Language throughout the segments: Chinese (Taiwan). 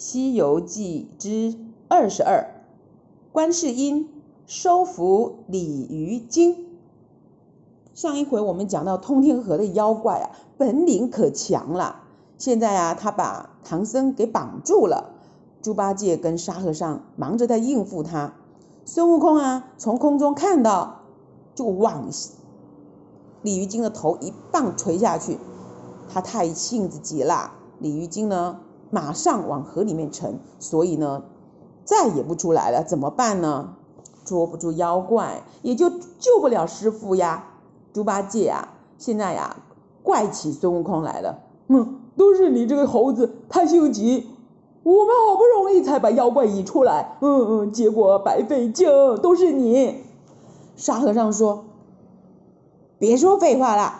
《西遊記》之二十二，觀世音收服鯉魚精。上一回我們講到通天河的妖怪啊，本領可強了。現在啊，他把唐僧給綁住了，豬八戒跟沙和尚忙着在應付他。孫悟空啊，從空中看到，就往鯉魚精的頭一棒捶下去。他太性子急了，鯉魚精呢，馬上往河裡面沉，所以呢，再也不出來了。怎麼辦呢？捉不住妖怪，也就救不了師父呀，豬八戒呀、啊，現在呀，怪起孫悟空來了。嗯，都是你這個猴子太性急，我們好不容易才把妖怪引出來，嗯嗯，結果白費勁，都是你。沙和尚說：“別說廢話了，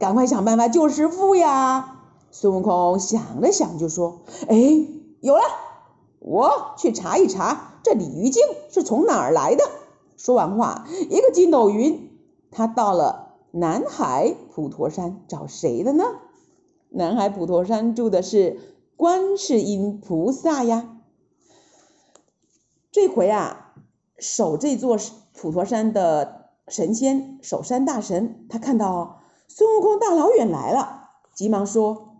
趕快想辦法救師父呀。”孫悟空想了想，就說：“哎，有了！我去查一查這鯉魚精是從哪兒來的。”說完話，一個筋斗雲，他到了南海普陀山找誰的呢？南海普陀山住的是觀世音菩薩呀。這回啊，守這座普陀山的神仙、守山大神，他看到孫悟空大老遠來了，急忙說。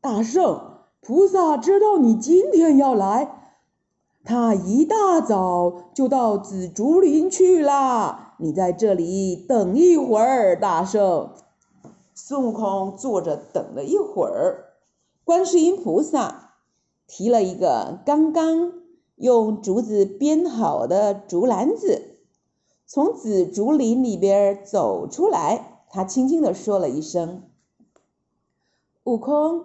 大聖，菩薩知道你今天要來，他一大早就到紫竹林去了。你在這裡等一會兒，大聖。孫悟空坐着等了一會兒，觀世音菩薩提了一個剛剛用竹子編好的竹籃子，從紫竹林裡邊走出來。他輕輕地說了一聲：“悟空。”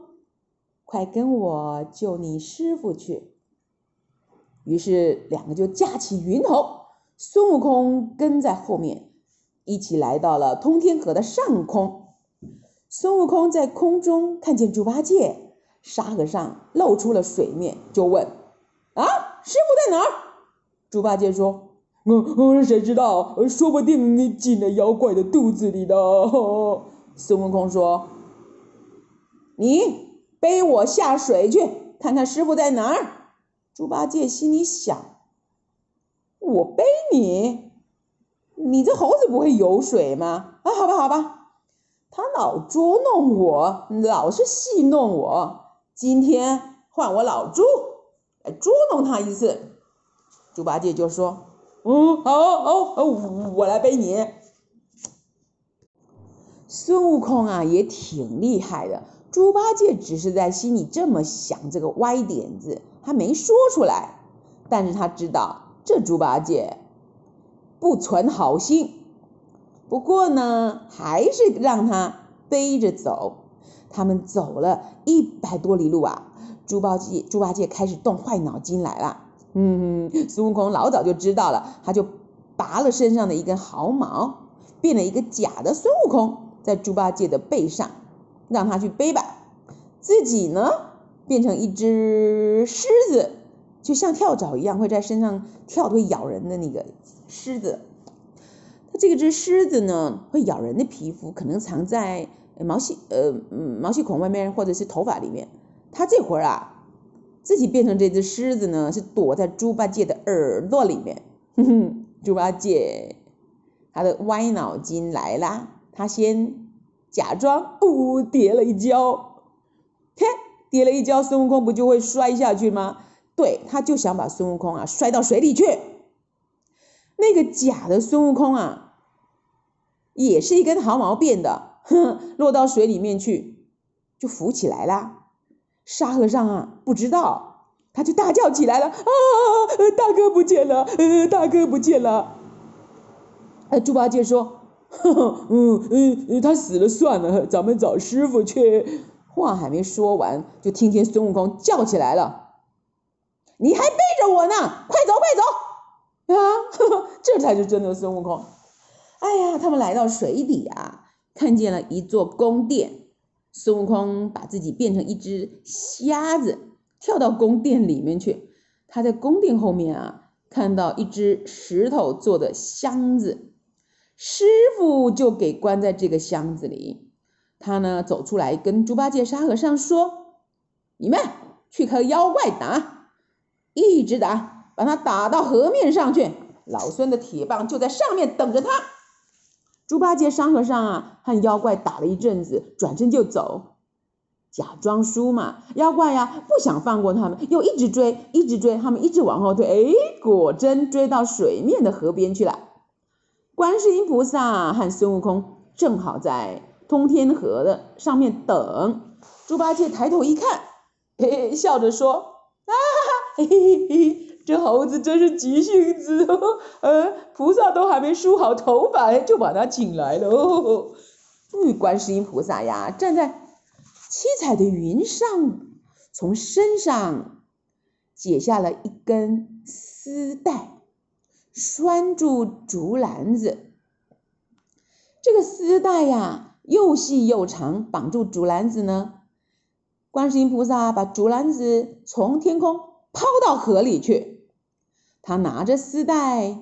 快跟我救你師傅去！於是兩個就架起雲頭，孫悟空跟在後面，一起來到了通天河的上空。孫悟空在空中看見豬八戒、沙和尚露出了水面，就問：“啊，師傅在哪兒？”豬八戒說：“嗯嗯，誰知道？說不定你進了妖怪的肚子裡呢。”哦，孫悟空說：“你。”背我下水去，看看師傅在哪兒。豬八戒心裡想：“我背你，你這猴子不會游水嗎？”啊，好吧，好吧。他老捉弄我，老是戲弄我。今天換我老豬來捉弄他一次。豬八戒就說：“嗯，好，好，好，我來背你。”孫悟空啊，也挺厲害的。.豬八戒只是在心裡這麼想這個歪點子，他沒說出來。但是他知道這豬八戒不存好心，不過呢，還是讓他背着走。他們走了一百多里路啊，豬八戒豬八戒開始動壞腦筋來了。嗯，孫悟空老早就知道了，他就拔了身上的一根毫毛，變了一個假的孫悟空，在豬八戒的背上。讓他去背吧，自己呢，變成一隻蝨子，就像跳蚤一樣會在身上跳，會咬人的那個蝨子。他這個只蝨子呢，會咬人的皮膚，可能藏在毛細呃毛細孔外面或者是頭髮裡面。他這會兒啊，自己變成這隻蝨子呢，是躲在豬八戒的耳朵裡面。哼哼，豬八戒，他的歪腦筋來了，他先。假裝嗚跌了一跤，嘿，跌了一跤，孫悟空不就會摔下去嗎？對，他就想把孫悟空啊摔到水裡去。那個假的孫悟空啊，也是一根毫毛變的，哼，落到水裡面去就浮起來啦。沙和尚啊不知道，他就大叫起來了啊，呃，大哥不見了，呃，大哥不見了。呃，豬八戒說。呵呵、 嗯，嗯嗯，他死了算了，咱們找師傅去。話還沒說完，就聽見孫悟空叫起來了：“你還背着我呢，快走快走！”啊呵呵，這才是真的孫悟空。哎呀，他們來到水底啊，看見了一座宮殿。孫悟空把自己變成一隻蝦子，跳到宮殿裡面去。他在宮殿後面啊，看到一隻石頭做的箱子。師傅就給關在這個箱子裡，他呢，走出來跟豬八戒、沙和尚說：“你們去和妖怪打，一直打，把他打到河面上去。老孫的鐵棒就在上面等着他。”豬八戒、沙和尚啊，和妖怪打了一陣子，轉身就走，假裝輸嘛。妖怪呀，不想放過他們，又一直追，一直追，他們一直往後退。哎，果真追到水面的河邊去了。觀世音菩薩和孫悟空正好在通天河的上面等豬八戒，抬頭一看，嘿、哎、嘿，笑着說：“啊哈哈，嘿嘿嘿，這猴子真是急性子哦！呃，菩薩都還沒梳好頭髮，就把他請來了哦。”哎，觀世音菩薩呀，站在七彩的雲上，從身上解下了一根絲帶。拴住竹籃子，這個絲帶呀又細又長，綁住竹籃子呢。觀世音菩薩把竹籃子從天空拋到河裡去，他拿着絲帶，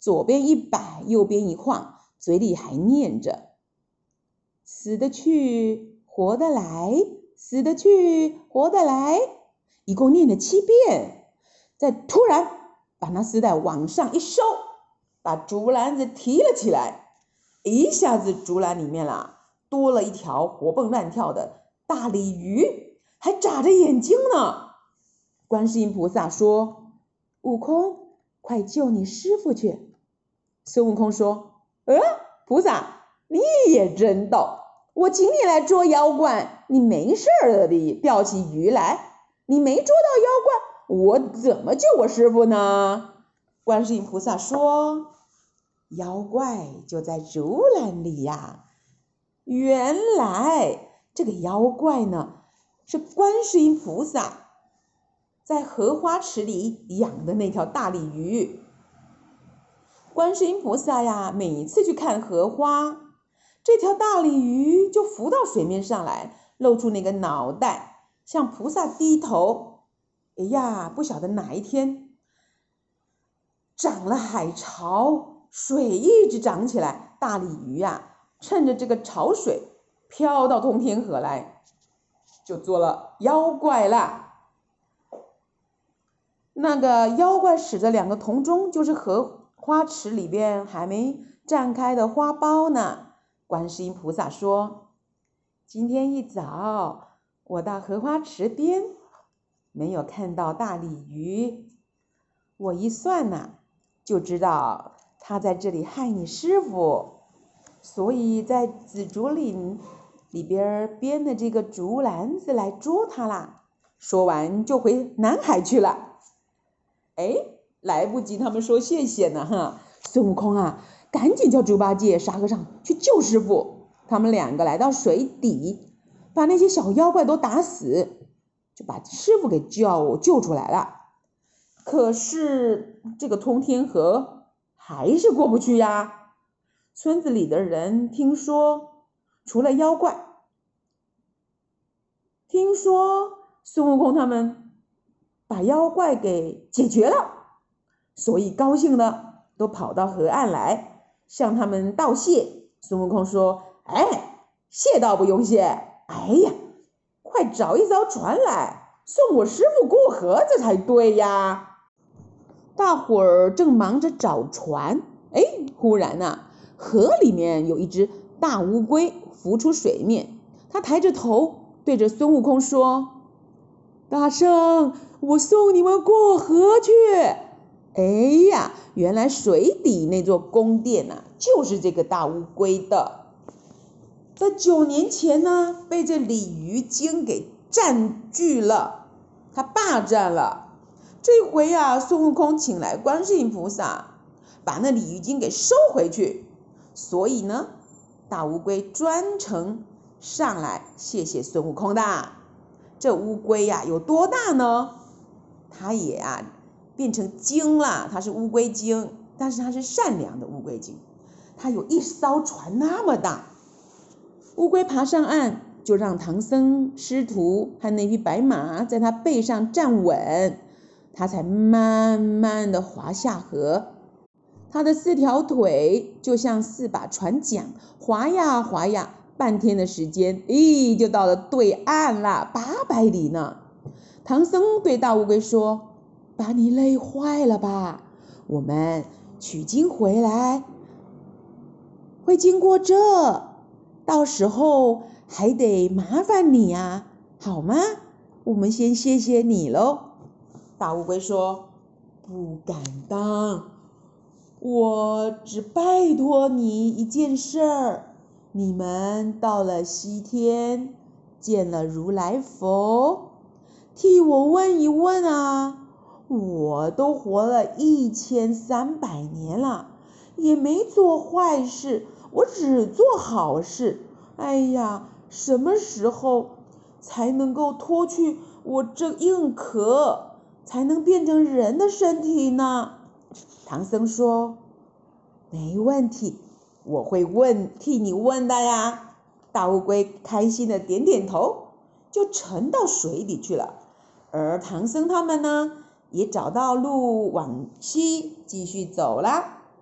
左邊一擺，右邊一晃，嘴裡還念着：“死的去，活的來；死的去，活的來。”一共念了七遍，再突然。把那絲帶往上一收，把竹籃子提了起來，一下子竹籃裡面啊，多了一條活蹦亂跳的大鯉魚，還眨着眼睛呢。觀世音菩薩說：“悟空，快救你師傅去。”孫悟空說：“呃、啊，菩薩，你也真逗，我請你來捉妖怪，你沒事的，你釣起魚來，你沒捉到妖怪。”我怎麼救我師傅呢？觀世音菩薩說：“妖怪就在竹籃裡呀、啊。”原來這個妖怪呢，是觀世音菩薩在荷花池裡養的那條大鯉魚。觀世音菩薩呀，每一次去看荷花，這條大鯉魚就浮到水面上來，露出那個腦袋，向菩薩低頭。哎呀，不曉得哪一天漲了海潮，水一直漲起來，大鯉魚呀、啊，趁着這個潮水飄到通天河來，就做了妖怪啦。那個妖怪使的兩個銅鐘，就是荷花池裡邊還沒綻開的花苞呢。觀世音菩薩說：“今天一早，我到荷花池邊。”沒有看到大鯉魚，我一算吶，就知道他在這裡害你師傅，所以在紫竹林裡邊編的這個竹籃子來捉他啦。說完就回南海去了。哎，來不及，他們說謝謝呢，哈。孫悟空啊，趕緊叫豬八戒、沙和尚去救師傅。他們兩個來到水底，把那些小妖怪都打死。就把師傅給救救出來了，可是這個通天河還是過不去呀。村子裡的人聽說除了妖怪，聽說孫悟空他們把妖怪給解決了，所以高興的都跑到河岸來向他們道謝。孫悟空說：“哎，謝倒不用謝，哎呀。”快找一艘船來送我師傅過河，這才對呀！大夥兒正忙着找船，哎，忽然吶，河裡面有一隻大烏龜浮出水面，它抬着頭對着孫悟空說：“大聖，我送你們過河去。”哎呀，原來水底那座宮殿吶，就是這個大烏龜的。在九年前呢，被這鯉魚精給佔據了，它霸佔了。這回呀，孫悟空請來觀世音菩薩，把那鯉魚精給收回去。所以呢，大烏龜專程上來謝謝孫悟空的。這烏龜呀，有多大呢？它也啊變成精了，它是烏龜精，但是它是善良的烏龜精。它有一艘船那麼大。烏龜爬上岸，就讓唐僧師徒和那匹白馬在他背上站穩，他才慢慢的滑下河。他的四條腿就像四把船槳，划呀划呀，半天的時間，咦，就到了對岸了，八百里呢。唐僧對大烏龜說：“把你累壞了吧？我們取經回來，會經過這。”到時候還得麻煩你呀，好嗎？我們先謝謝你嘍。大烏龜說：“不敢當，我只拜託你一件事兒。你們到了西天見了如來佛，替我問一問啊。我都活了一千三百年了，也沒做壞事。”我只做好事，哎呀，什麼時候才能夠脫去我這硬殼，才能變成人的身體呢？唐僧說：“沒問題，我會問替你問的呀。”大烏龜開心的點點頭，就沉到水裡去了。而唐僧他們呢，也找到路往西繼續走了。